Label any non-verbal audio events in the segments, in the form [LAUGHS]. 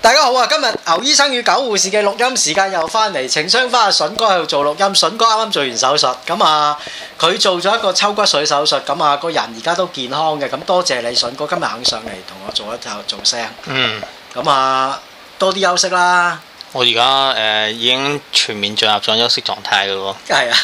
大家好啊！今日牛醫生與狗護士嘅錄音時間又返嚟，情商返阿筍哥喺度做錄音。筍哥啱啱做完手術，咁啊佢做咗一個抽骨髓手術，咁啊個人而家都健康嘅，咁多謝你，筍哥今日肯上嚟同我做一集做，做聲。嗯，咁啊多啲休息啦。我而家誒，已經全面進入咗休息狀態咯喎，係啊，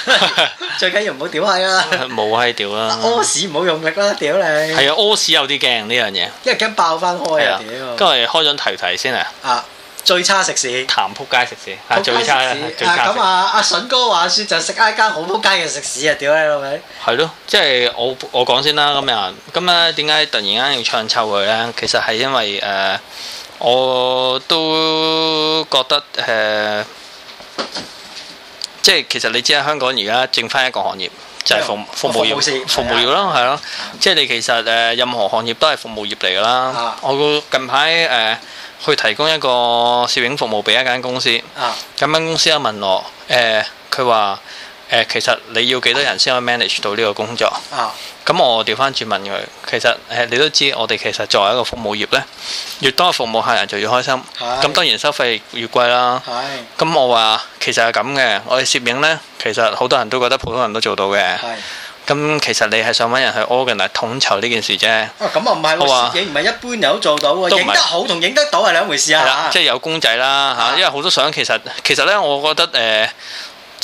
最緊要唔好屌，係啊，冇閪屌啦，屙屎唔好用力啦，屌你！係啊，屙屎有啲驚呢樣嘢，因為驚爆翻開啊屌！今日開咗提提先啊，啊最差食肆，談撲街食肆，最差食肆。咁啊阿筍哥話説就食街間好撲街嘅食肆啊屌你老味！係咯，即係我我講先啦咁啊，咁啊點解突然間要唱臭佢咧？其實係因為誒。呃我都覺得誒、呃，即係其實你知啦，香港而家剩翻一個行業就係、是、服務服務業，服務業,服務業啦，係咯、啊啊。即係你其實誒、呃，任何行業都係服務業嚟㗎啦。啊、我近排誒、呃、去提供一個攝影服務俾一公、啊、間公司，咁間公司一問我誒，佢話誒，其實你要幾多人先可以 manage 到呢個工作啊？咁我調翻轉問佢，其實誒你都知，我哋其實作為一個服務業咧，越多服務客人就越開心。咁是當然收費越貴啦。咁是我話其實係咁嘅，我哋攝影咧，其實好多人都覺得普通人都做到嘅。咁是其實你係想揾人去 organize 統籌呢件事啫。啊，咁啊唔係我攝影唔係一般人都做到嘅，影得好同影得到係兩回事的啊。即係有公仔啦嚇，啊、因為好多相其實其實咧，我覺得誒。呃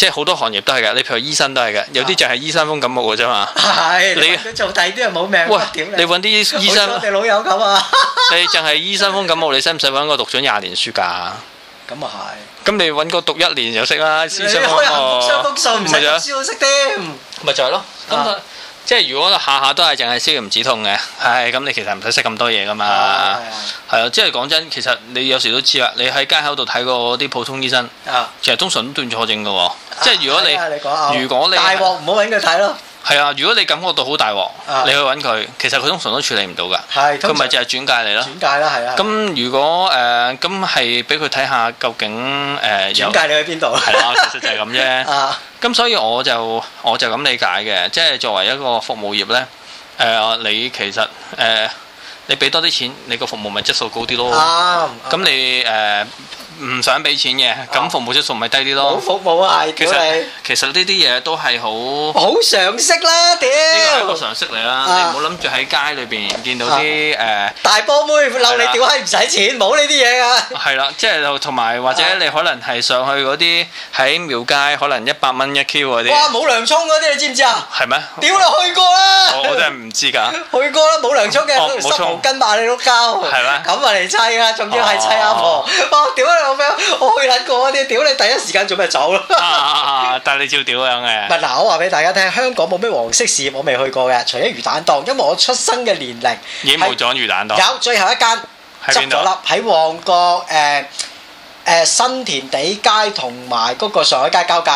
即係好多行業都係㗎，你譬如醫生都係㗎，有啲就係醫生風感冒㗎啫嘛。係、啊，你做第啲人冇命。哇喂，點你揾啲醫生？你老友咁啊！ [LAUGHS] 你淨係醫生風感冒，你使唔使揾個讀咗廿年書㗎？咁啊係。咁你揾個讀一年就識啦，醫生風。你開人讀書讀唔成，先好識啲。咪就係咯。咁、啊。即係如果下下都係淨係消炎止痛嘅，係咁你其實唔使識咁多嘢噶嘛。係啊，係啊。即係講真，其實你有時都知啦。你喺街口度睇過啲普通醫生，啊，其實通常都斷錯症嘅喎。即係如果你，啊啊、你如果你大鑊，唔好畀佢睇咯。糕係啊，如果你感覺到好大鑊，啊、你去揾佢，其實佢通常都處理唔到噶，佢咪通常 就係轉介你咯。轉介啦，係啊。咁、啊、如果誒咁係俾佢睇下究竟誒轉、呃、介你去邊度？係 [LAUGHS] 啦、啊，其實就係咁啫。咁、啊、所以我就我就咁理解嘅，即係作為一個服務業呢，誒、呃、你其實誒、呃、你俾多啲錢，你個服務咪質素高啲咯。咁你誒。啊唔想俾錢嘅，咁服務質素咪低啲咯。好服務啊，其實其實呢啲嘢都係好，好常識啦，屌！呢個係一個常識嚟啦，你唔好諗住喺街裏邊見到啲誒大波妹溜你，屌閪唔使錢，冇呢啲嘢噶。係啦，即係同埋或者你可能係上去嗰啲喺廟街可能一百蚊一 Q 嗰啲。哇！冇涼衝嗰啲，你知唔知啊？係咩？屌你，去過啦！我真係唔知㗎。去過啦，冇涼衝嘅，攞條濕毛巾抹你碌膠。係咩？咁咪嚟砌啊！仲要係砌阿婆，哇！屌我去撚過啊！啲屌你第一時間做咩走咯？但係你照屌樣嘅。唔係嗱，我話俾大家聽，香港冇咩黃色事業，我未去過嘅，除咗魚蛋檔，因為我出生嘅年齡已經冇咗魚蛋檔。有最後一間喺邊度？喺旺角誒誒新田地街同埋嗰個上海街交界。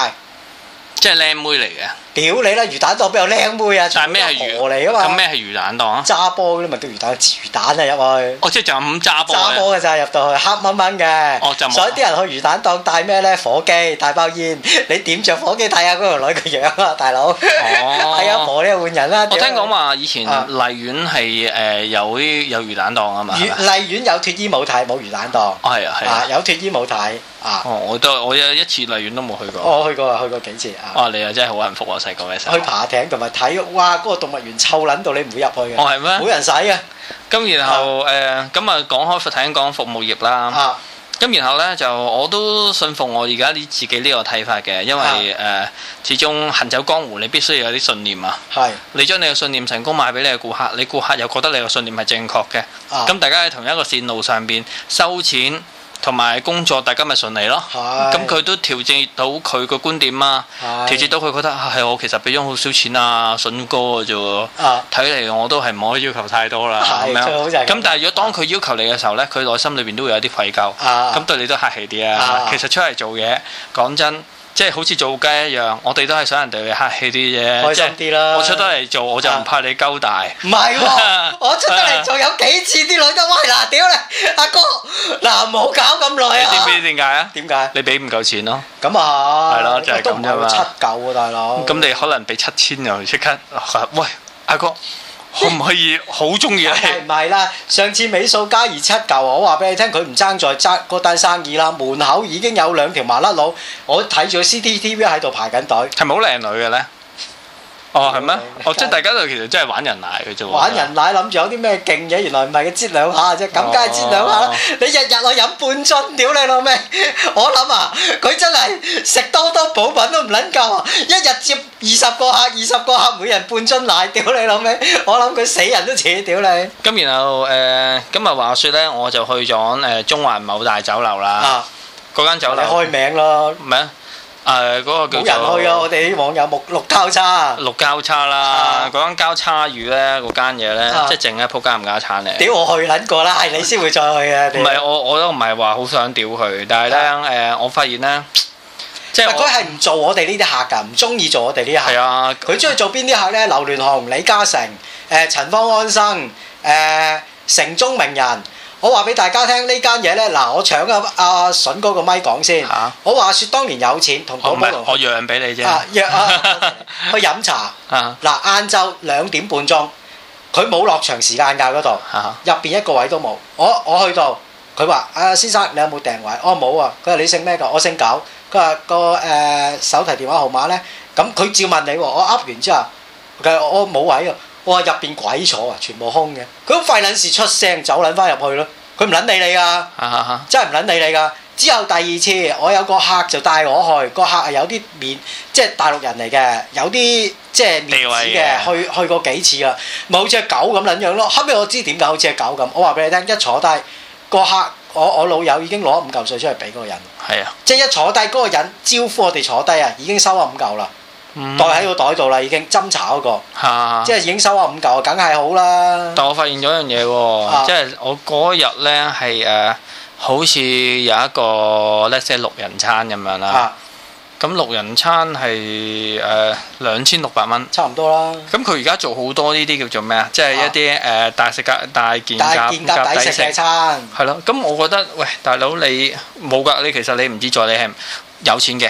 即係靚妹嚟嘅。屌你啦！魚蛋檔邊有靚妹啊？全部都賀嚟啊嘛！咁咩係魚蛋檔？揸波嗰啲咪叫魚蛋？魚蛋啊入去。哦，即係就咁揸波。揸波嘅咋，入到去黑掹掹嘅。哦，就冇。所以啲人去魚蛋檔帶咩咧？火機、帶包煙，你點著火機睇下嗰條女嘅樣啊，大佬。哦。係啊，婆你換人啦。我聽講話以前荔園係誒有啲有魚蛋檔啊嘛。荔園有脱衣舞睇，冇魚蛋檔。哦，係啊，係啊，有脱衣舞睇。啊！我都我有一次荔園都冇去過。我去過，去過幾次。啊！你又真係好幸福啊，細個嘅時候。去爬艇同埋睇，哇！嗰個動物園臭撚到，你唔會入去嘅。哦，係咩？冇人使啊。咁然後誒，咁啊講開佛艇講服務業啦。咁然後咧就我都信服我而家啲自己呢個睇法嘅，因為誒始終行走江湖你必須要有啲信念啊。係。你將你嘅信念成功賣俾你嘅顧客，你顧客又覺得你嘅信念係正確嘅。咁大家喺同一個線路上邊收錢。同埋工作，大家咪順利咯。咁佢的都調節到佢個觀點的啊，調節到佢覺得係我其實俾咗好少錢啊，筍哥嘅啫。睇嚟我都係唔可以要求太多啦。咁但係如果當佢要求你嘅時候呢，佢內心裏邊都會有啲愧疚。咁、啊、對你都客氣啲啊。啊其實出嚟做嘢，講真。即係好似做雞一樣，我哋都係想人哋對你客氣啲嘅，開心啲啦我。我出得嚟做我就唔怕你勾大，啊。唔係喎， [LAUGHS] 我出得嚟做有幾次啲女都喂，嗱，屌你，阿、啊、哥，嗱唔好搞咁耐啊。啊你點解啊，啊？點解？你俾唔夠錢咯？咁啊，係咯，就係咁啫嘛。七九喎，大佬。咁你可能俾七千就即刻、啊、喂阿、啊、哥。可唔可以好鍾意啊？唔係啦，上次尾數加二七舊啊，我話畀你聽，佢唔爭在爭嗰單生意啦。門口已經有兩條麻甩佬，我睇住 CCTV 喺度排緊隊，係咪好靚女嘅咧？哦，係咩？就是、哦，即係、就是、大家都其實真係玩人奶嘅啫喎！玩人奶，諗住吧有啲咩勁嘅，原來唔係佢擠兩下啫，咁梗係擠兩下啦！哦哦、你日日我飲半樽，屌你老味！我諗啊，佢真係食多多補品都唔撚夠啊！一日接二十個客，二十個客每人半樽奶，屌你老味！我諗佢死人都似屌你！咁然後誒、呃，今日話説咧，我就去咗誒、呃、中環某大酒樓啦，嗰間、啊、酒樓你開名咯，咯，唔係啊？誒嗰、嗯那個、叫冇人去啊！我哋啲網友木綠交叉，綠交叉啦！嗰、啊、間交叉魚咧，嗰間嘢咧，啊、即係淨係撲街唔家產嚟。屌我去撚過啦，係 [LAUGHS] 你先會再去嘅。唔係我我都唔係話好想屌佢，但係咧誒，我發現咧，即係佢係唔做我哋呢啲客噶，唔中意做我哋呢啲客。係啊，佢中意做邊啲客咧？劉鑾雄、李嘉誠、誒、呃呃、陳方安生、誒城中名人。呃我話俾大家聽呢間嘢呢，嗱，我搶阿阿筍嗰個咪講先。我話說當年有錢同寶馬龍，我讓俾你啫。約啊，去飲茶。嗱，晏晝兩點半鐘，佢冇落場時間㗎嗰度，入邊一個位都冇。我我去到，佢話：阿先生你有冇訂位？我冇啊。佢話：你姓咩㗎？我姓九。佢話個誒手提電話號碼呢，咁佢照問你喎。我噏完之後，佢話我冇位啊。我入邊鬼坐啊，全部空嘅。佢好費撚事出聲，走撚翻入去咯。佢唔撚理你㗎，啊啊、真係唔撚理你㗎。之後第二次，我有個客就帶我去，個客係有啲面，即、就、係、是、大陸人嚟嘅，有啲即係面子嘅，啊、去去過幾次啦。咪、就是、好似隻狗咁撚樣咯。後尾我知點解好似隻狗咁，我話俾你聽，一坐低個客，我我老友已經攞五嚿水出嚟俾嗰個人。係啊，即係一坐低嗰、那個人招呼我哋坐低啊，已經收咗五嚿啦。袋喺個袋度啦，已經斟茶嗰個，即係已經收咗五嚿，梗係好啦。但係我發現咗一樣嘢喎，即係我嗰日咧係誒，好似有一個咧即係六人餐咁樣啦。咁六人餐係誒兩千六百蚊，差唔多啦。咁佢而家做好多呢啲叫做咩啊？即係一啲誒大食價大件夾抵食嘅餐。係咯，咁我覺得喂，大佬你冇噶，你其實你唔知在你係。有錢嘅，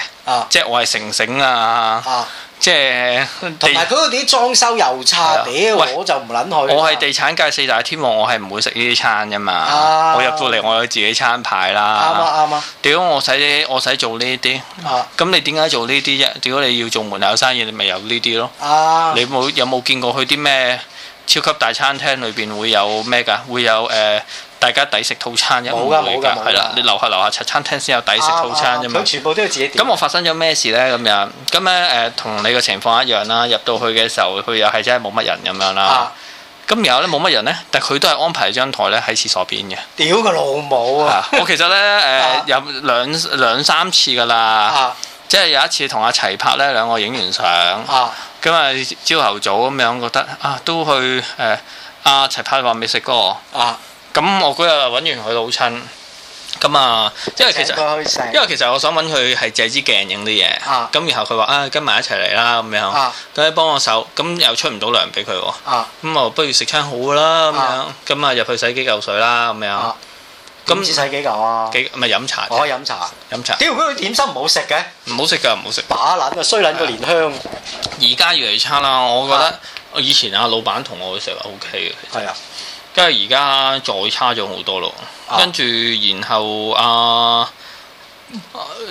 即係我係成成啊！即係同埋佢嗰啲裝修又差，屌我就唔撚去。我係地產界四大天王，我係唔會食呢啲餐㗎嘛。我入到嚟，我有自己餐牌啦。啱啊啱啊！屌我使，我使做呢啲。咁你點解做呢啲啫？一屌你要做門口生意，你咪有呢啲咯。你冇有冇見過去啲咩超級大餐廳裏面會有咩㗎？會有誒？大家抵食套餐一冇噶，冇噶，係啦，你樓下樓下茶餐廳先有抵食套餐啫嘛。佢全部都要自己點。咁我發生咗咩事咧？咁樣咁咧誒，同你個情況一樣啦。入到去嘅時候，佢又係真係冇乜人咁樣啦。咁然後咧冇乜人咧，但佢都係安排張台咧喺廁所邊嘅。屌個老母啊！我其實咧誒有兩兩三次噶啦，即係有一次同阿齊柏咧兩個影完相，咁啊朝頭早咁樣覺得啊都去誒阿齊柏話未食過啊。咁我嗰日揾完佢老親，咁啊，即係其實，因為其實我想揾佢係借支鏡影啲嘢，咁然後佢話啊跟埋一齊嚟啦咁樣，咁你幫我手，咁又出唔到糧俾佢喎，咁啊不如食餐好啦咁樣，咁啊入去洗幾嚿水啦咁樣，咁只洗幾嚿啊？幾唔係飲茶？我可以飲茶，飲茶。點心唔好食嘅？唔好食㗎，唔好食。把冷啊衰撚到蓮香，而家越嚟越差啦！我覺得以前啊，老闆同我去食 OK 嘅，係啊。跟住而家再差咗好多咯，跟住、啊、然後啊，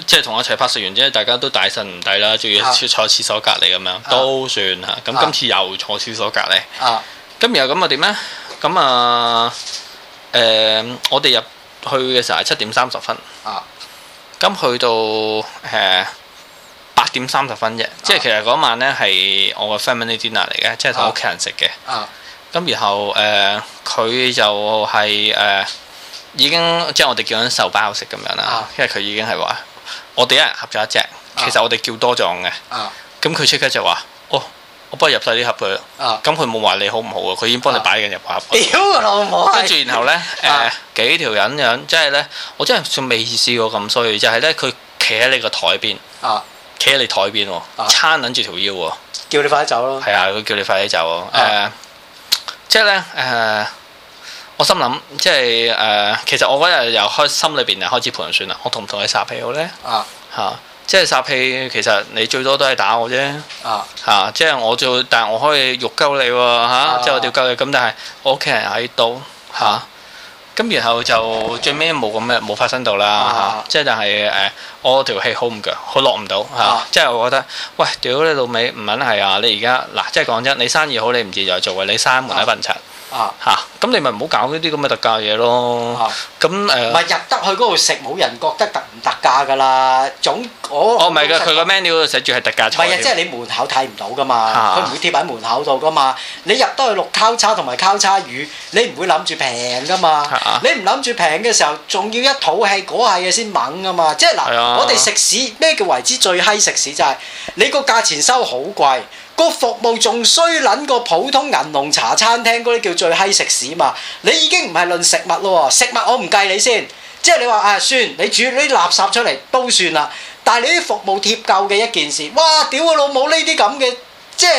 即係同阿齊拍食完之後，大家都大神唔抵啦，仲要坐喺廁所隔籬咁樣，啊、都算吓。咁、嗯啊、今次又坐廁所隔籬，咁、啊、然後咁啊點咧？咁啊，誒、呃，我哋入去嘅時候係七點三十分，咁、啊、去到誒八點三十分啫、啊。即係其實嗰晚咧係我個 family dinner 嚟嘅，即係同屋企人食嘅。啊咁然後誒，佢就係誒已經即係我哋叫緊壽包食咁樣啦，因為佢已經係話我哋一人合咗一隻，其實我哋叫多裝嘅。咁佢即刻就話：哦，我幫你入晒啲盒佢。咁佢冇話你好唔好啊？佢已經幫你擺緊入盒。屌，老母啊！跟住然後咧誒，幾條人樣，即係咧，我真係仲未試過咁衰，就係咧佢企喺你個台邊，企喺你台邊，撐撚住條腰喎，叫你快啲走咯。係啊，佢叫你快啲走誒。即係咧，誒、呃，我心諗，即係誒、呃，其實我嗰日由開心裏邊又開始盤算啦，我同唔同你殺氣好咧？啊，吓、啊，即係殺氣，其實你最多都係打我啫，啊啊啊。啊，吓、啊，即係我做，但係我可以肉勾你喎，吓、啊，即係我吊勾你，咁但係我屋企人喺度，吓。咁然後就最尾冇咁咩冇發生到啦，啊、即係但係誒，我條氣好唔夾，佢落唔到嚇，啊、即係我覺得，喂，屌你老味，唔撚係啊！你而家嗱，即係講真，你生意好你唔自在做嘅，你閂門喺笨柒。啊啊嚇！咁你咪唔好搞呢啲咁嘅特價嘢咯。咁誒、啊，唔係、呃、入得去嗰度食，冇人覺得特唔特價噶啦。總我我唔係㗎，佢個 menu 寫住係特價菜的。唔係啊，即係你門口睇唔到噶嘛，佢唔、啊、會貼喺門口度噶嘛。你入得去綠交叉同埋交叉魚，你唔會諗住平噶嘛。啊、你唔諗住平嘅時候，仲要一肚氣嗰下嘢先猛噶嘛。即係嗱，我哋食肆咩叫為之最閪食肆啫？你個價錢收好貴。個服務仲衰捻過普通銀龍茶餐廳嗰啲叫做最閪食肆嘛！你已經唔係論食物咯，食物我唔計你先，即係你話啊，算你煮啲垃圾出嚟都算啦。但係你啲服務貼夠嘅一件事，哇！屌我老母呢啲咁嘅，即係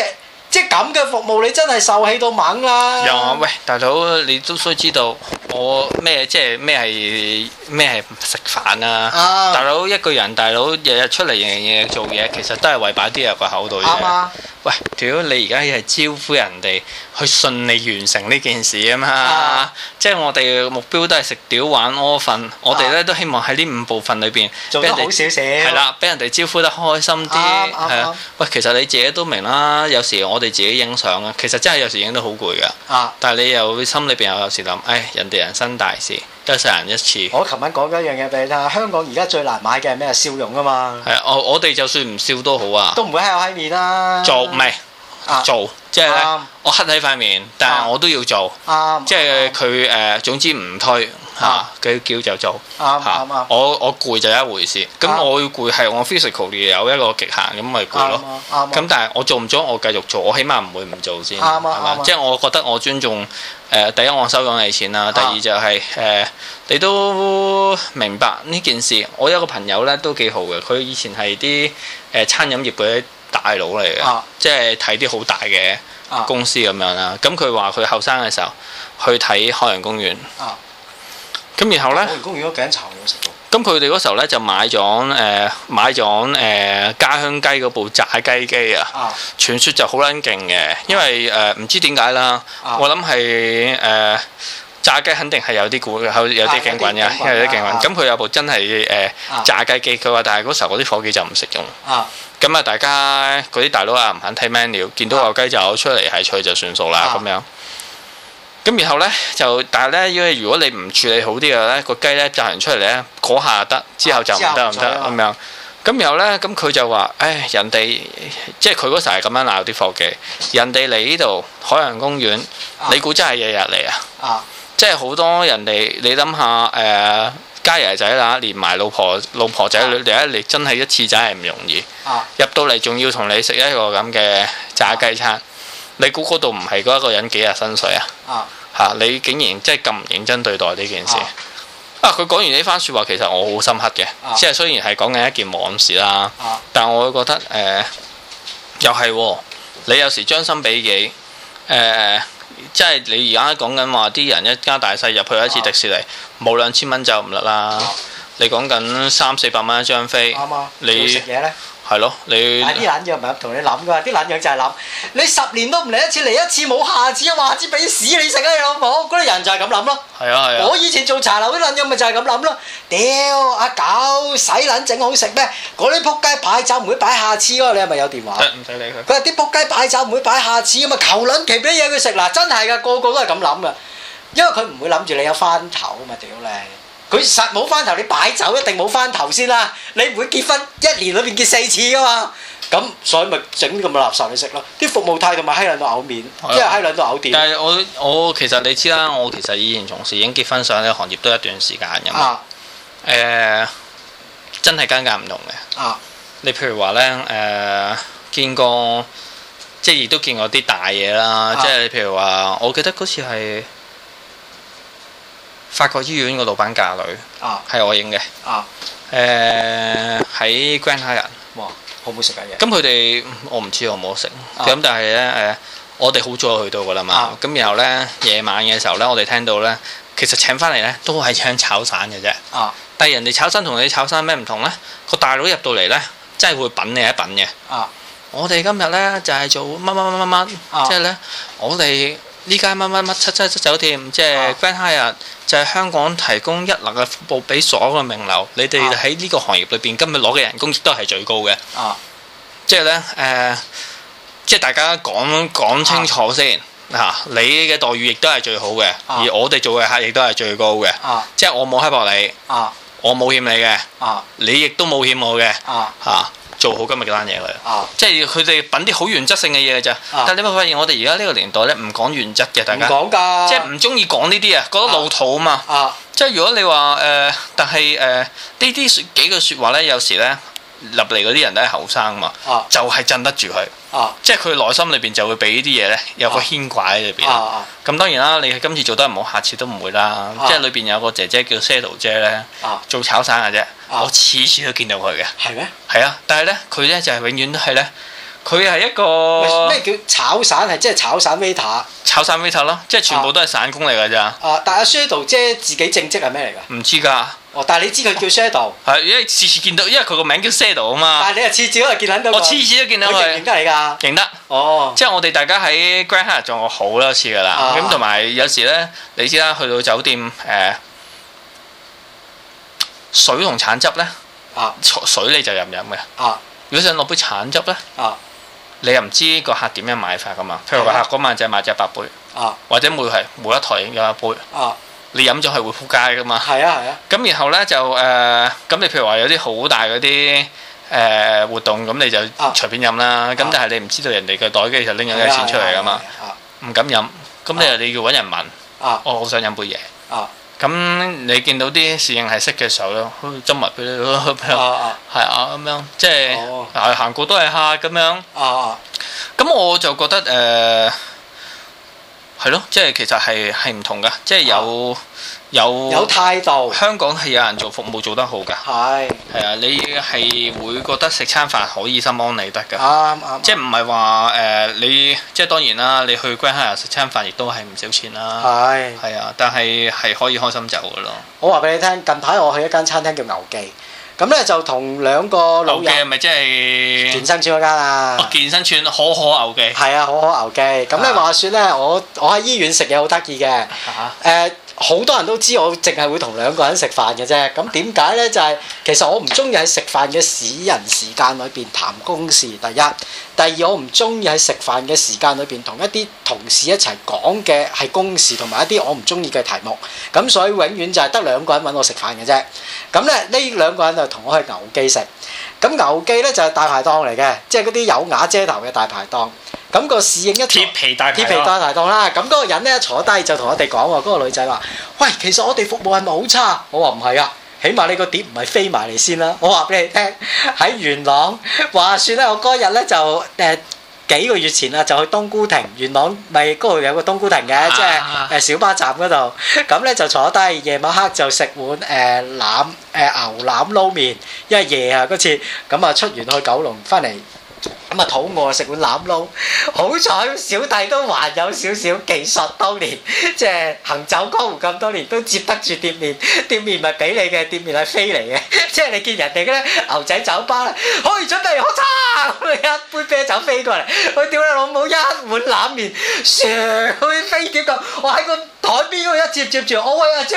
即係咁嘅服務，你真係受氣到猛啦！呀喂，大佬，你都需知道。我咩即係咩係咩係食飯啊？Uh, 大佬一個人，大佬日日出嚟做嘢，其實都係為擺啲入個口度、uh. 喂，屌你而家要係招呼人哋去順利完成呢件事啊嘛！Uh. 即係我哋目標都係食屌玩屙瞓，我哋咧都希望喺呢五部分裏邊、uh. 人做得好少少。係啦，俾人哋招呼得開心啲。啱啱、uh. 喂，其實你自己都明啦，有時我哋自己影相啊，其實真係有時影得好攰噶。但係你又心裏邊又有時諗，誒、哎哎、人哋。人生大事，得生人一次。我琴晚講咗一樣嘢，俾你聽香港而家最難買嘅係咩？笑容啊嘛。係啊，我我哋就算唔笑都好啊，都唔會我喺面啦。做唔係，做即係咧，我黑喺塊面，但係我都要做。即係佢誒，總之唔推吓，佢叫就做。啱我我攰就一回事，咁我攰係我 physical 有一個極限，咁咪攰咯。啱。咁但係我做唔咗，我繼續做，我起碼唔會唔做先。啱啱即係我覺得我尊重。誒第一我收緊你錢啦，第二就係、是、誒、啊呃、你都明白呢件事。我有個朋友咧，都幾好嘅，佢以前係啲誒餐飲業嗰啲大佬嚟嘅，啊、即係睇啲好大嘅公司咁、啊、樣啦。咁佢話佢後生嘅時候去睇海洋公園，咁、啊、然後咧。咁佢哋嗰時候咧就買咗誒、呃、買咗誒、呃、家鄉雞嗰部炸雞機啊！傳說就好撚勁嘅，因為誒唔、呃、知點解啦，啊、我諗係誒炸雞肯定係有啲古有有啲景轟嘅，有啲景轟。咁佢有部真係誒、呃、炸雞機，佢話，但係嗰時候嗰啲夥計就唔識用。咁啊，啊大家嗰啲大佬啊唔肯睇 menu，見到有雞就出嚟係脆就算數啦，咁、啊啊、樣。咁然後呢，就，但係呢，如果你唔處理好啲嘅呢個雞呢，炸完出嚟呢嗰下得，之後就唔得唔得咁樣。咁然後呢，咁佢就話：唉、哎，人哋即係佢嗰時係咁樣鬧啲伙計，人哋嚟呢度海洋公園，你估真係日日嚟啊？即係好多人哋，你諗下誒，家爺仔啦，連埋老婆老婆仔女嚟、啊、一嚟，真係一次咋係唔容易。啊、入到嚟仲要同你食一個咁嘅炸雞餐。你估嗰度唔係嗰一個人幾日薪水啊？啊！嚇！你竟然真係咁唔認真對待呢件事啊！佢講完呢番說話，其實我好深刻嘅，即係雖然係講緊一件往事啦，但我會覺得誒，又係你有時將心比己，誒即係你而家講緊話啲人一家大細入去一次迪士尼，冇兩千蚊就唔得啦。你講緊三四百蚊一張飛，你係咯，你啲捻樣唔係同你諗噶，啲捻樣就係諗你十年都唔嚟一次，嚟一次冇下次，下次俾屎你食啊！你老婆嗰啲人就係咁諗咯。係啊係啊，我以前做茶樓啲捻樣咪就係咁諗咯。屌阿、啊、狗洗捻整好食咩？嗰啲撲街擺酒唔會擺下次喎，你係咪有電話？唔使理佢。佢話啲撲街擺酒唔會擺下次啊嘛，求捻其俾嘢佢食嗱，真係噶，個個都係咁諗噶，因為佢唔會諗住你有翻頭嘛屌你！佢實冇翻頭，你擺酒一定冇翻頭先啦。你唔會結婚一年裏邊結四次噶嘛，咁所以咪整咁嘅垃圾嚟食咯。啲服務態度閪到嘔面，真係閪到嘔啲。但係我我其實你知啦，我其實以前從事已影結婚相嘅行業都一段時間嘅。嘛、啊。誒、呃，真係間間唔同嘅。啊，你譬如話咧，誒、呃，見過，即係亦都見過啲大嘢啦。啊、即係你譬如話，我記得嗰次係。法國醫院個老闆嫁女，係、啊、我影嘅。誒喺 Grand Hyatt，哇，好唔好食嘅嘢。咁佢哋我唔知我唔好食。咁但係咧誒，我哋好早去到噶啦嘛。咁、啊、然後咧夜晚嘅時候咧，我哋聽到咧，其實請翻嚟咧都係請炒散嘅啫。啊、但係人哋炒散同你炒散咩唔同咧？個大佬入到嚟咧，真係會品你一品嘅。我哋今日咧就係做乜乜乜乜乜，即係咧我哋。呢間乜乜乜七七七酒店，即係 Grand Hyatt，就係香港提供一流嘅服務俾所有嘅名流。你哋喺呢個行業裏邊，今日攞嘅人工都係最高嘅。啊，即係咧，誒、呃，即係大家講講清楚先嚇。你嘅待遇亦都係最好嘅，而我哋做嘅客亦都係最高嘅。啊，即係我冇欺薄你，啊，我冇欠你嘅，啊，你亦都冇欠我嘅，啊，嚇。做好今日嘅單嘢嚟，啊、即係佢哋品啲好原則性嘅嘢嘅咋，啊、但係你有冇發現我哋而家呢個年代咧唔講原則嘅，大家唔講㗎，即係唔中意講呢啲啊，覺得老土啊嘛，啊啊即係如果你話誒、呃，但係誒呢啲幾句説話咧，有時咧。入嚟嗰啲人都係後生嘛，啊、就係鎮得住佢，啊、即係佢內心裏邊就會俾啲嘢呢，有個牽掛喺裏邊。咁、啊啊啊、當然啦，你今次做得唔好，下次都唔會啦。啊、即係裏邊有個姐姐叫 Shadow 姐呢，啊、做炒散嘅啫，我次次都見到佢嘅。係咩？係啊，但係呢，佢呢，呢就係永遠都係呢。佢係一個咩叫炒散係即係炒散 Vita，炒散 Vita 咯，即係全部都係散工嚟㗎咋。啊，但係 Shadow 姐自己正職係咩嚟㗎？唔知㗎。但係你知佢叫 Shadow，係因為次次見到，因為佢個名叫 Shadow 啊嘛。但係你又次次都係見到。我次次都見到佢。我認得嚟㗎。認得。哦。即係我哋大家喺 Grand Hotel 撞過好多次㗎啦。咁同埋有時咧，你知啦，去到酒店誒，水同橙汁咧，啊，水你就任飲嘅。啊。如果想攞杯橙汁咧，啊，你又唔知個客點樣買法㗎嘛？譬如個客嗰晚就買咗一百杯，啊，或者每係每一台有一杯，啊。你飲咗係會撲街噶嘛。係啊係啊。咁然後咧就誒，咁你譬如話有啲好大嗰啲誒活動，咁你就隨便飲啦。咁但係你唔知道人哋個袋嘅，其實拎咗幾錢出嚟噶嘛，唔敢飲。咁你又要揾人問。啊。我好想飲杯嘢。啊。咁你見到啲侍應係識嘅時候咧，斟物俾你咯，係啊咁樣，即係、uh 嗯啊 oh. 行過都係客咁樣。Uh、啊咁我就覺得誒。係咯，即係其實係係唔同噶，即係有、啊、有，有態度，香港係有人做服務做得好噶，係係啊，你係會覺得食餐飯可以心安理得噶，啱啱、嗯嗯、即係唔係話誒你即係當然啦，你去 Grand Hyatt 食餐飯亦都係唔少錢啦，係係啊，但係係可以開心走噶咯。我話俾你聽，近排我去一間餐廳叫牛記。咁咧就同兩個老嘅，咪即係健身串嗰間啊？哦，健身串可可牛記，係啊，可可牛記。咁咧、啊、話説咧，我我喺醫院食嘢好得意嘅，誒、啊。呃好多人都知我淨係會同兩個人食飯嘅啫，咁點解呢？就係、是、其實我唔中意喺食飯嘅私人時間裏邊談公事。第一，第二，我唔中意喺食飯嘅時間裏邊同一啲同事一齊講嘅係公事同埋一啲我唔中意嘅題目。咁所以永遠就係得兩個人揾我食飯嘅啫。咁咧，呢兩個人就同我去牛記食。咁牛記咧就係、是、大排檔嚟嘅，即係嗰啲有瓦遮頭嘅大排檔。咁、那個侍應一鐵皮大排鐵皮大排檔啦。咁嗰個人咧坐低就同我哋講喎，嗰、那個女仔話：，喂，其實我哋服務係咪好差？我話唔係啊，起碼你個碟唔係飛埋嚟先啦。我話俾你聽，喺元朗，話說咧，我嗰日咧就誒。呃幾個月前啦，就去冬菇亭，元朗咪嗰度有個冬菇亭嘅，即係誒小巴站嗰度。咁咧就坐低，夜晚黑就食碗誒腩誒牛腩撈麵，因為夜啊嗰次，咁啊出完去九龍，翻嚟。咁啊，肚餓食碗腩撈，好彩小弟都還有少少技術，當年即係行走江湖咁多年都接得住碟麵，碟麵唔係俾你嘅，碟麵係飛嚟嘅，即係你見人哋咧牛仔酒吧咧，可以準備，咔嚓，一杯啤酒飛過嚟，去屌你老母一碗腩麵，上去飛碟咁，我喺個台邊我一接接住，我喂阿姐。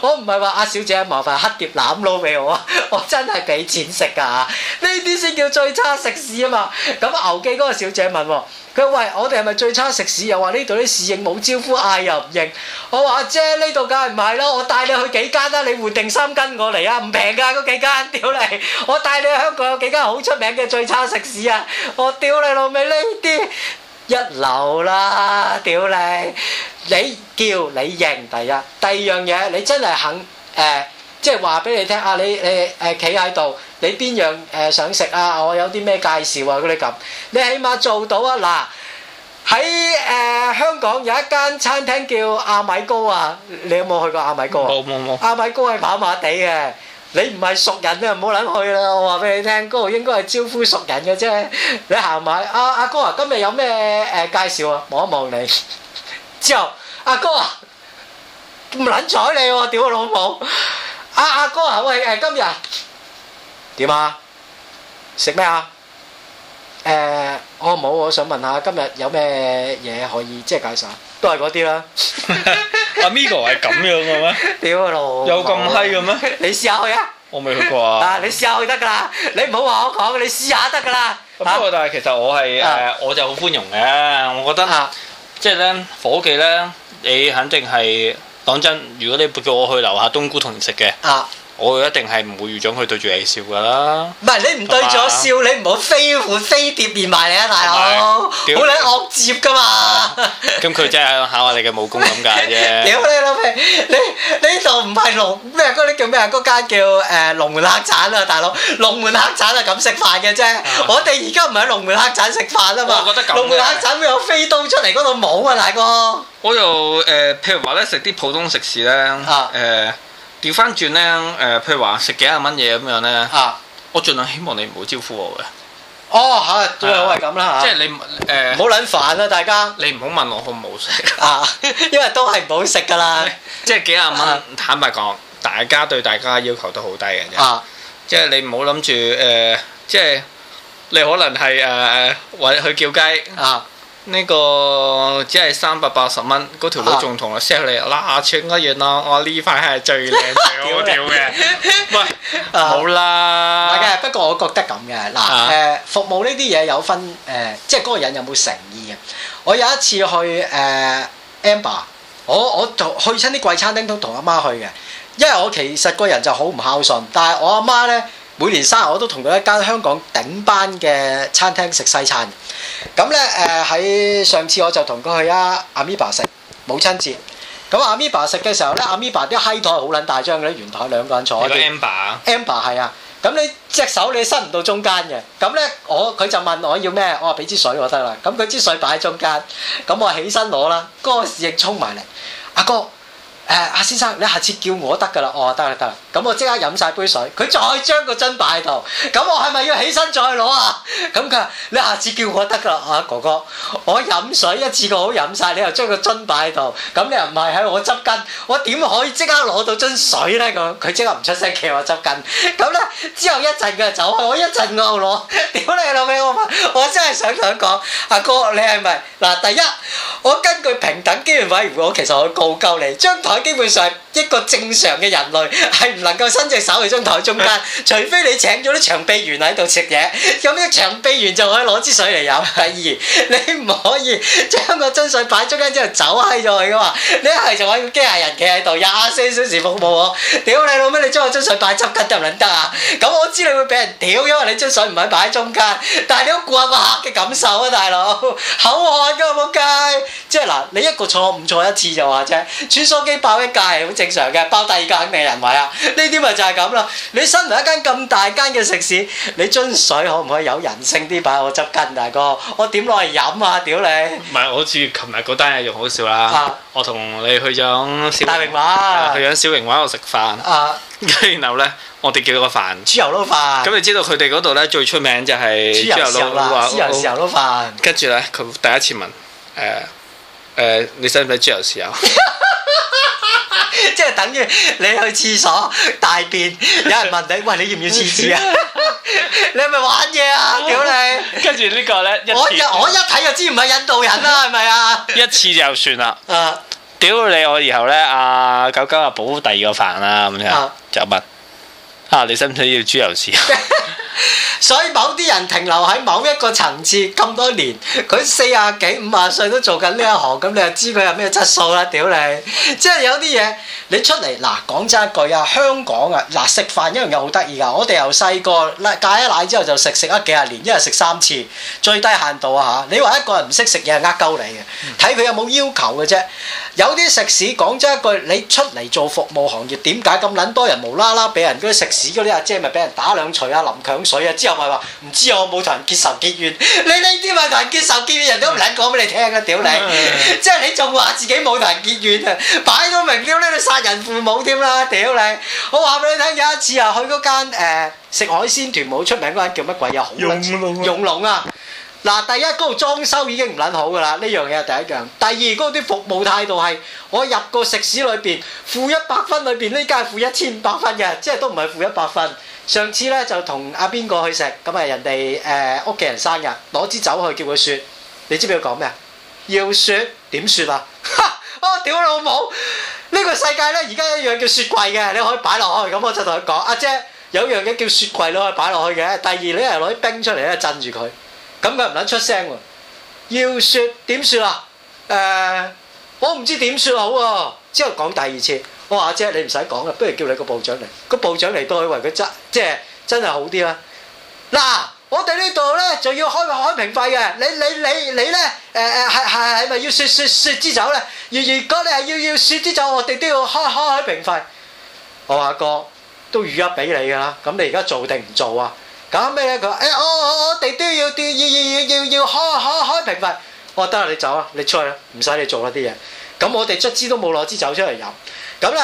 我唔係話阿小姐麻煩黑碟攬佬俾我，我真係俾錢食㗎，呢啲先叫最差食肆啊嘛。咁牛記嗰個小姐問喎，佢話：喂，我哋係咪最差食肆？又話呢度啲侍應冇招呼，嗌又唔認。我話：姐，呢度梗係唔係咯？我帶你去幾間啦，你換定心跟我嚟啊，唔平㗎嗰幾間，屌你！我帶你去香港有幾間好出名嘅最差食肆啊，我屌你老味，呢啲一流啦，屌你！你叫你認第一，第二樣嘢你真係肯誒，即係話俾你聽啊！你誒誒企喺度，你邊樣誒想食啊？我有啲咩介紹啊？嗰啲咁，你起碼做到啊！嗱，喺誒香港有一間餐廳叫阿米高啊，你有冇去過阿米高啊？冇冇冇。阿米高係跑馬地嘅，你唔係熟人咧，唔好撚去啦！我話俾你聽，高應該係招呼熟人嘅啫。你行埋阿阿哥啊，今日有咩誒介紹啊？望一望你。之後，阿、啊、哥啊，唔撚睬你喎，屌我老母！阿阿哥啊，喂，誒今日點啊？食咩啊？誒、呃，我冇，我想問下今日有咩嘢可以即係介紹，都係嗰啲啦。阿 [LAUGHS] Migo 係咁樣嘅咩？屌我老母！有咁閪嘅咩？ [LAUGHS] 你試下去啊！我未去過啊！啊，你試下去得噶啦，你唔好話我講，你試下得噶啦嚇。不過、啊，但係其實我係誒，啊、我就好寬容嘅，我覺得。即係咧，伙計咧，你肯定係講真，如果你叫我去樓下冬菇同人食嘅。啊我一定係唔會預咗佢對住你笑噶啦！唔係你唔對住我笑，拜拜你唔好飛碗飛碟連埋你啊，大佬！好撚惡接噶嘛！咁佢、嗯、真係考下你嘅武功咁解啫。屌你老味，你呢度唔係龍咩？嗰啲叫咩啊？嗰間叫誒、呃、龍門客棧啊，大佬！龍門客棧啊，咁食飯嘅啫。我哋而家唔係喺龍門客棧食飯啊嘛。我覺得咁。龍門客棧有飛刀出嚟嗰度冇啊，大哥！我又誒、呃，譬如話咧，食啲普通食肆咧誒。嗯嗯調翻轉咧，誒、呃，譬如話食幾廿蚊嘢咁樣咧，啊、我盡量希望你唔好招呼我嘅。哦，嚇，最好係咁啦嚇。啊啊、即係你誒，唔好撚煩啦、啊，大家。你唔好問我好唔好食。啊，因為都係唔好食噶啦。即係幾廿蚊，啊、坦白講，大家對大家要求都好低嘅。啊，即係你唔好諗住誒，即係你可能係誒揾去叫雞。啊。呢個只係三百八十蚊，嗰條佬仲同我 sell 你，拉扯乜嘢咯？我呢塊係最靚條屌嘅，唔好啦。唔係嘅，不過我覺得咁嘅嗱誒，服務呢啲嘢有分誒，即係嗰個人有冇誠意啊？我有一次去誒 Amber，我我就去親啲貴餐廳都同阿媽去嘅，因為我其實個人就好唔孝順，但係我阿媽咧。每年生日我都同佢一間香港頂班嘅餐廳食西餐。咁咧誒喺上次我就同佢去阿、啊、阿米巴食母親節。咁阿米巴食嘅時候咧，阿米巴啲閪台好撚大張嘅，圓台兩個人坐。有 amber 啊。amber 係啊。咁你隻手你伸唔到中間嘅。咁咧我佢就問我要咩，我話俾支水我得啦。咁佢支水擺喺中間，咁我起身攞啦，嗰、那個侍應衝埋嚟，阿哥。誒，阿、哎、先生，你下次叫我得㗎啦，哦，得啦得啦，咁我即刻飲晒杯水，佢再將個樽擺喺度，咁我係咪要起身再攞啊？咁佢話你下次叫我得㗎啦，阿、啊、哥哥，我飲水一次過好飲晒，你又將個樽擺喺度，咁你又唔係喺我側跟，我點可以即刻攞到樽水呢？咁佢即刻唔出聲，企喺我側跟。咁呢，之後一陣佢就走，我一陣我又攞，屌你老味我問，我真係想想講，阿、啊、哥你係咪嗱？第一，我根據平等機會委員會，我其實我告鳩你。基本上一個正常嘅人類係唔能夠伸隻手去張台中間， [LAUGHS] 除非你請咗啲長臂猿喺度食嘢，咁呢長臂猿就可以攞支水嚟飲。二，你唔可以將個樽水擺中間之後走閪咗佢噶嘛？你一係就揾機械人企喺度廿四小時服務喎。屌你老咩！你將個樽水擺側近得唔撚得啊？咁我知你會俾人屌，因為你樽水唔係擺喺中間。但係你都顧下個客嘅感受啊，大佬，口渴嘅仆街。即係嗱，你一個錯誤錯一次就話啫，穿梭機。包一間係好正常嘅，包第二間肯定係人為啊！呢啲咪就係咁囉。你身為一間咁大間嘅食肆，你樽水可唔可以有人性啲？幫我執根大哥，我點攞嚟飲啊！屌你！唔係我好似琴日嗰單嘢仲好笑啦！我同你去咗大榮華去咗小榮華度食飯啊！咁然後咧，我哋叫個飯豬油撈飯，咁你知道佢哋嗰度呢，最出名就係豬油豉油豬油撈飯。跟住呢，佢第一次問誒你使唔使豬油豉油？ [LAUGHS] 即係等於你去廁所大便，有人問你：喂，你要唔要廁紙啊？ [LAUGHS] 你係咪玩嘢啊？屌你！跟住呢個呢，一我一睇就知唔係印度人啦，係咪啊？一次就算啦。啊！屌你！我以後呢，阿狗狗啊補第二個飯啦咁樣，就乜？啊啊！你使唔使要豬油豉油？所以某啲人停留喺某一個層次咁多年，佢四十幾五十歲都做緊呢一行，咁你又知佢有咩質素啦？屌你！即係有啲嘢你出嚟嗱，講真一句啊，香港啊嗱，食飯一樣嘢好得意噶。我哋由細個戒咗奶之後就食食咗幾十年，一日食三次，最低限度啊嚇！你話一個人唔識食嘢係呃鳩你嘅，睇佢有冇要求嘅啫。有啲食肆講真一句，你出嚟做服務行業，點解咁撚多人無啦啦俾人嗰啲食？屎嗰啲啊，即係咪俾人打兩捶啊、淋強水啊？之後咪話唔知我冇同人結仇結怨，你呢啲咪同人結仇結怨，人都唔肯講俾你聽、嗯、啊！屌你，啊、即係你仲話自己冇同人結怨啊？擺到明啲呢，你殺人父母添啦！屌、啊啊、你，我話俾你聽有一次啊，去嗰間誒食海鮮團冇出名嗰間叫乜鬼啊？龍龍啊！嗱，第一嗰度裝修已經唔撚好噶啦，呢樣嘢係第一樣。第二嗰啲服務態度係，我入個食肆裏邊，負一百分裏邊呢間係負一千五百分嘅，即係都唔係負一百分。上次呢，就同阿邊個去食，咁啊人哋誒屋企人生日，攞支酒去叫佢雪，你知唔知佢講咩？要雪點雪啊？啊、 [LAUGHS] 哦，屌老母！呢、這個世界呢，而家有一樣叫雪櫃嘅，你可以擺落去。咁我就同佢講：阿姐有樣嘢叫雪櫃，你可以擺落去嘅。第二你係攞啲冰出嚟咧，震住佢。咁佢唔肯出聲喎，要説點説啊？誒，我唔知點説好喎。之後講第二次，我話阿姐你唔使講啦，不如叫你個部長嚟，個部長嚟都可以為佢真，即係真係好啲啦。嗱，我哋呢度咧就要開開瓶費嘅，你你你你咧誒誒係係係咪要雪雪雪支酒咧？如如果你係要要雪支酒，我哋都要開開開瓶費。我話阿哥都預約俾你噶啦，咁你而家做定唔做啊？搞咩屘咧，佢誒、哎哦哦、我我我哋都要要要要要要，要開開開平分，我話得啦，你走啦，你出去啦，唔使你做啦啲嘢。咁我哋卒之都冇攞支酒出嚟飲。咁咧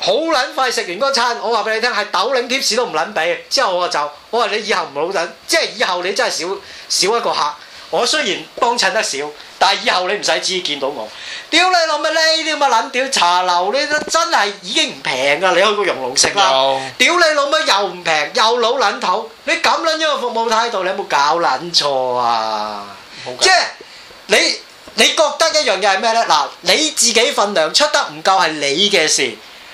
好撚快食完嗰餐，我話俾你聽係斗零貼士都唔撚俾。之後我話就走，我話你以後唔好等，即係以後你真係少少一個客。我雖然幫襯得少，但係以後你唔使知見到我。屌你老母呢啲咁嘅撚屌茶樓，你都真係已經唔平㗎。你去過容龍食啦。屌你老母又唔平又老撚頭，你咁撚呢個服務態度，你有冇搞撚錯啊？即係你你覺得一樣嘢係咩呢？嗱，你自己份糧出得唔夠係你嘅事，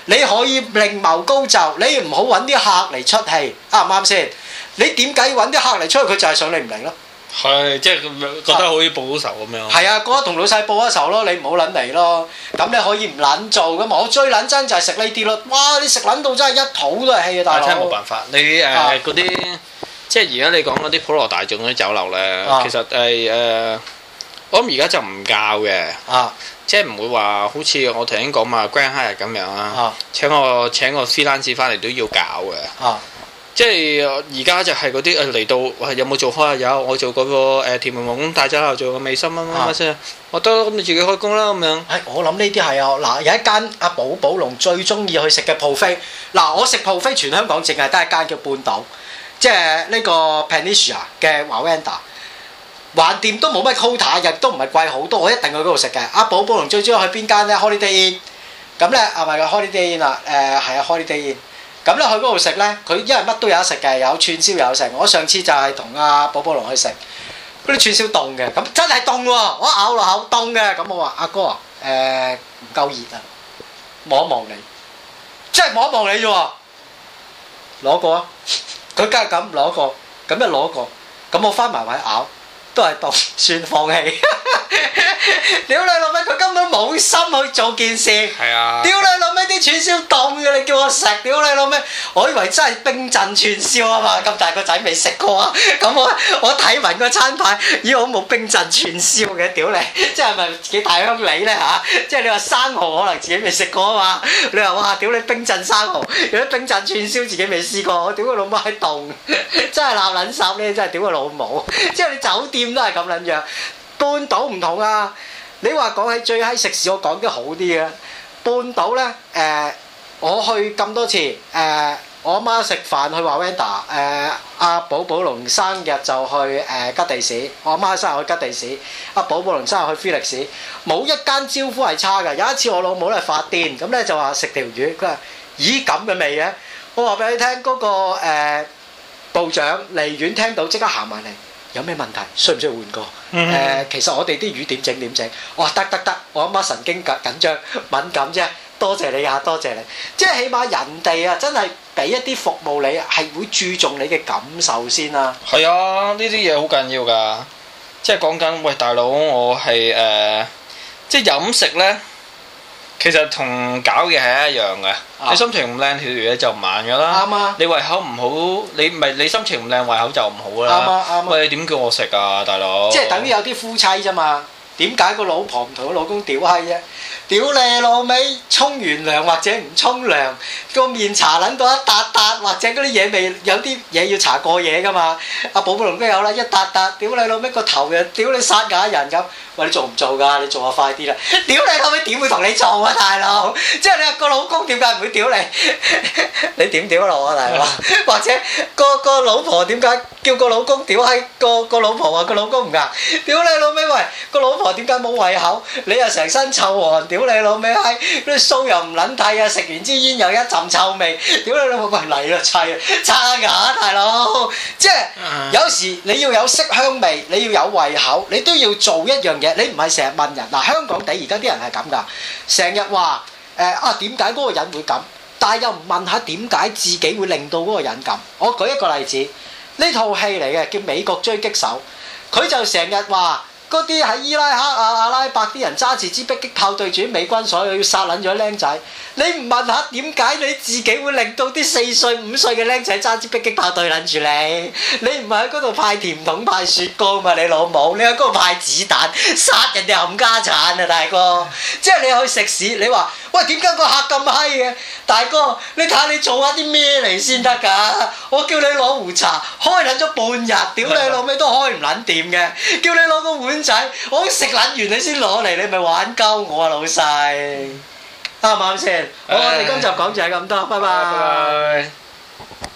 你可以另謀高就。你唔好揾啲客嚟出氣，啱唔啱先？你點解要揾啲客嚟出氣？佢就係想你唔明咯。係，即係咁樣覺得可以報仇咁樣，啊、樣。係啊，覺得同老細報咗仇咯，你唔好撚嚟咯。咁你可以唔撚做，咁我最撚憎就係食呢啲啦。哇！你食撚到真係一肚都係氣啊！大佬，但係真係冇辦法。你誒嗰啲，即係而家你講嗰啲普羅大眾嗰啲酒樓咧，啊、其實誒誒、呃，我諗而家就唔教嘅，即係唔會話好似我頭先講嘛，Grand Hyatt 咁樣啊請。請我請我師奶子翻嚟都要搞嘅。啊啊即係而家就係嗰啲誒嚟到，有冇做開啊？有，我做嗰、那個甜、呃、文王大酒樓做個美心乜乜乜先，我得咁你自己開工啦咁樣。誒、哎，我諗呢啲係啊，嗱有一間阿寶寶龍最中意去食嘅鋪飛，嗱、啊、我食鋪飛全香港淨係得一間叫半島，即係呢個 Peninsula 嘅 Verandah，橫掂都冇乜 quota，亦都唔係貴好多，我一定去嗰度食嘅。阿、啊、寶寶龍最中意去邊間呢？Holiday Inn，咁呢，係咪 Holiday Inn 啊？誒係啊，Holiday Inn 啊。咁咧去嗰度食呢？佢因為乜都有得食嘅，有串燒有食。我上次就係同阿寶寶龍去食嗰啲串燒凍嘅，咁真係凍喎，我一咬落口凍嘅。咁我話阿哥啊，呃，唔夠熱啊，望一望你，即係望一望你啫喎，攞過啊，佢梗係咁攞過，咁一攞過，咁我翻埋位咬。都係凍，算放棄。屌你老味，佢根本冇心去做件事。係啊。屌你老味啲串燒凍嘅，你叫我食？屌你老味，我以為真係冰鎮串燒啊嘛，咁大個仔未食過啊，咁我我睇埋個餐牌，咦我冇冰鎮串燒嘅，屌你，即係咪幾大鄉里呢嚇？啊？即係你話生蠔可能自己未食過啊嘛，你話哇，屌你冰鎮生蠔，如果冰鎮串燒自己未試過，我屌佢老母喺凍，真係鬧撚閪呢，真係屌佢老母，即係你酒店。都係咁撚樣，半島唔同啊！你話講起最閪食市，我講啲好啲嘅。半島咧，誒，我去咁多次，誒，我阿媽食飯去華威達，誒，阿寶寶龍生日就去誒吉地市，我阿媽生日去吉地市，阿寶寶龍生日去菲力士，冇一間招呼係差嘅。有一次我老母咧發癲，咁咧就話食條魚，佢話咦咁嘅味嘅？我話俾你聽嗰個誒部長離遠聽到即刻行埋嚟。有咩問題？需唔需要換過？誒、呃，其實我哋啲魚點整點整？哇，得得得，我阿媽神經緊緊張敏感啫。多謝你啊，多謝你。即係起碼人哋啊，真係俾一啲服務你，係會注重你嘅感受先啊。係啊，呢啲嘢好緊要㗎。即係講緊，喂，大佬，我係誒、呃，即係飲食呢。其實同搞嘢係一樣嘅，你心情唔靚，條嘢就唔慢嘅啦。啱啊！你胃口唔好，你咪你心情唔靚，胃口就唔好啦。啱啊啱啊！喂，你點叫我食啊，大佬！即係等於有啲夫妻啫嘛，點解個老婆唔同個老公屌閪啫？屌你老味！沖完涼或者唔沖涼，個面搽撚到一笪笪，或者嗰啲嘢味有啲嘢要搽過嘢㗎嘛？阿寶寶龍都有啦，一笪笪。屌你老味，個頭又屌你殺眼人咁。喂，你做唔做㗎？你做啊，快啲啦！屌你老味，點會同你做啊大佬？即係你話個老公點解唔會屌你？你點屌我啊大佬？或者個個老婆點解叫個老公屌閪？個個老婆話個老公唔硬。屌你老味，喂，個老婆點解冇胃口？你又成身臭汗屌！屌你老味，閪，嗰啲餿又唔撚睇啊！食完支煙又一陣臭味，屌你老母咪嚟啦！砌擦牙大佬， [LAUGHS] 即係是、啊、有時你要有色香味，你要有胃口，你都要做一樣嘢。你唔係成日問人嗱、啊，香港地而家啲人係咁㗎，成日話誒啊點解嗰個人會咁？但係又唔問下點解自己會令到嗰個人咁。我舉一個例子，呢套戲嚟嘅叫《美國追擊手》，佢就成日話。嗰啲喺伊拉克啊、阿拉伯啲人揸住支迫擊炮對住美軍，所以要殺撚咗僆仔。你唔問下點解你自己會令到啲四歲、五歲嘅僆仔揸支迫擊炮對撚住你？你唔係喺嗰度派甜筒、派雪糕嘛？你老母，你喺嗰度派子彈殺人哋冚家產啊！大哥，嗯、即係你去食屎！你話喂點解個客咁閪嘅？大哥，你睇下你做下啲咩嚟先得㗎？我叫你攞壺茶開撚咗半日，屌你老味、嗯、都開唔撚掂嘅。叫你攞個碗。仔，我食撚完你先攞嚟，你咪玩鳩我啊，老細啱唔啱先？好，我哋今集講就係咁多，拜拜。